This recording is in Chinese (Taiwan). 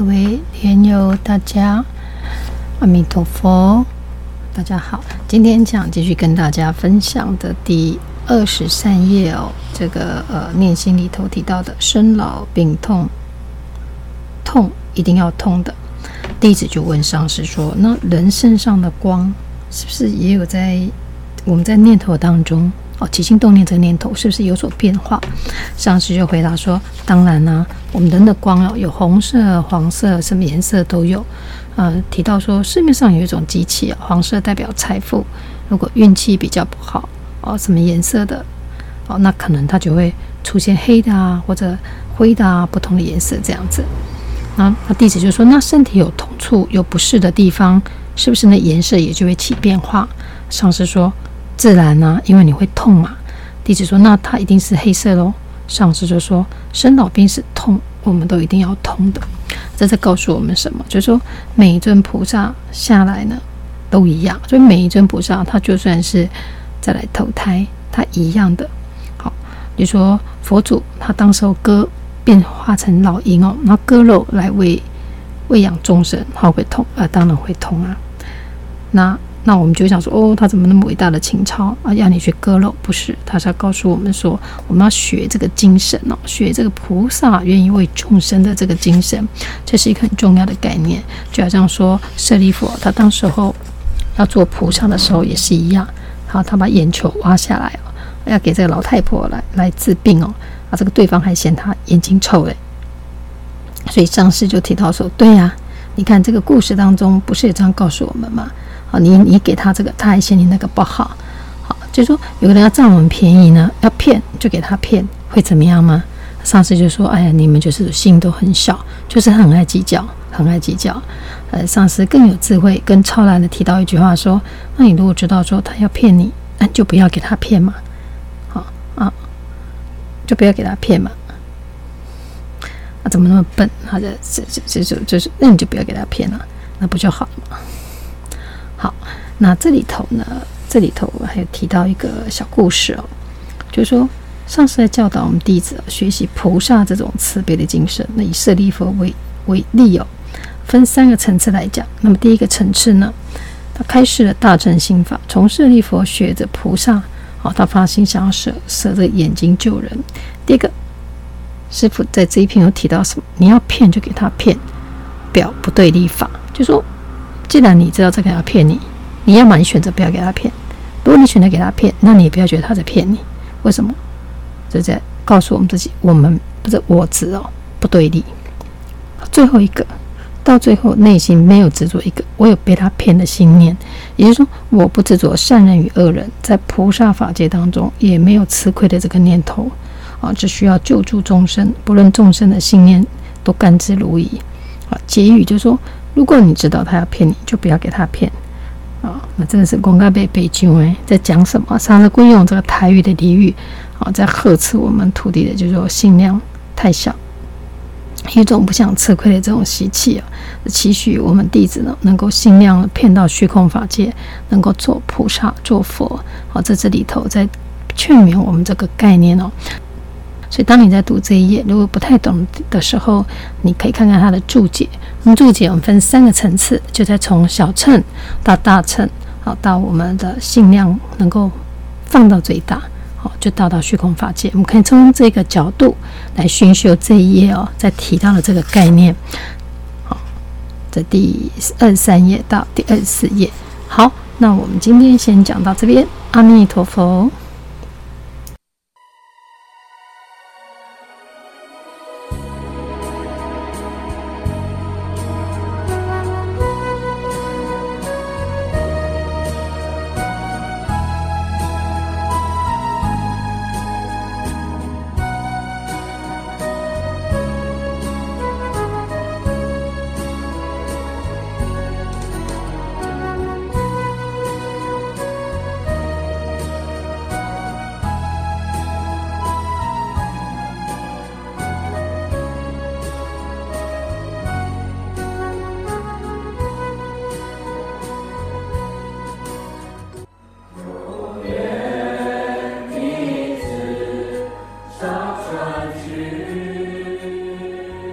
各位天友，大家阿彌陀佛，大家好。今天想繼續跟大家分享的第二十三頁哦，這個呃念心裡頭提到的生老病痛，痛一定要痛的，弟子就問上師說：“那人身上的光是不是也有在我們在念頭當中？”哦，起心動念這念頭是不是有所變化？上師就回答說：“當然啦、啊，我們人的光啊，有紅色、黃色，什麼顏色都有。嗯、呃，提到說市面上有一種機器啊，黃色代表財富，如果運氣比較不好哦，什麼顏色的哦，那可能它就會出現黑的啊，或者灰的啊，不同的顏色這樣子。那、啊、那弟子就說：那身體有痛處有不適的地方，是不是那顏色也就會起變化？上師說。”自然呢、啊，因為你會痛嘛。弟子說：“那它一定是黑色咯。”上師就說：“生老病死痛，我們都一定要痛的。”這是告訴我們什麼？就是說每一尊菩薩下來呢，都一樣。所以每一尊菩薩，他就算是再來投胎，他一樣的。好，你說佛祖他當時候割，變化成老鷹哦，那割肉來餵餵養眾生，他會痛啊、呃，當然會痛啊。那那我們就想說，哦，他怎麼那麼偉大的情操啊？要你去割肉？不是，他是要告訴我們說，我們要學這個精神哦，學這個菩薩願意為眾生的這個精神，這是一個很重要的概念。就好像說，舍利弗，他當時候要做菩薩的時候也是一樣。好，他把眼球挖下來要給這個老太婆來來治病哦。啊，這個對方還嫌他眼睛臭哎，所以上次就提到說，對呀、啊。你看這個故事當中不是也這樣告訴我們嗎？啊，你你給他這個，他還嫌你那個不好，好，就是說有個人要占我們便宜呢，要騙就給他騙，會怎麼樣嗎？上司就說：哎呀，你們就是心都很小，就是很愛計較，很愛計較。呃，上司更有智慧，更超然的提到一句話說：那你如果知道說他要騙你，那就不要給他騙嘛。好啊，就不要給他騙嘛。怎麼那麼笨？好的，這這這這就是，那你就不要給他騙了，那不就好了嘛？好，那這裡頭呢，這裡頭我還有提到一個小故事哦，就是說，上師在教導我們弟子、哦、學習菩薩這種慈悲的精神，那以舍利弗為為例哦，分三個層次來講。那麼第一個層次呢，他開示了大乘心法，從舍利弗學着菩薩，好、哦，他發心想要舍舍着眼睛救人。第二個。師父在這一篇有提到什麼？你要騙就給他騙，表不對立法，就說既然你知道這個人要騙你，你要麼你選擇不要給他騙。如果你選擇給他騙，那你也不要覺得他在騙你，為什麼？就在告訴我們自己，我們不是我執哦，不對立。最後一個，到最後內心沒有執着一個我有被他騙的信念，也就是說，我不執着善人與惡人，在菩薩法界當中也沒有吃虧的這個念頭。啊、哦，只需要救助眾生，不論眾生的信念都甘之如飴、啊。結語就是說，如果你知道他要騙你，就不要給他騙。啊，那真的是功蓋被被救。哎，在講什麼？上次貴用這個台語的俚語、啊，在呵斥我們徒弟的，就是說心量太小，一種不想吃虧的這種習氣啊，期許我們弟子呢，能夠心量騙到虛空法界，能夠做菩薩、做佛。好、啊，在這裡頭在勸勉我們這個概念哦。所以，當你在讀這一頁，如果不太懂的時候，你可以看看它的注解。那注解我們分三個層次，就在從小乘到大乘，好，到我們的心量能夠放到最大，好，就到到虛空法界。我們可以從這個角度來熏修這一頁哦，在提到了這個概念。好，在第二三頁到第二四頁。好，那我們今天先講到這邊。阿彌陀佛。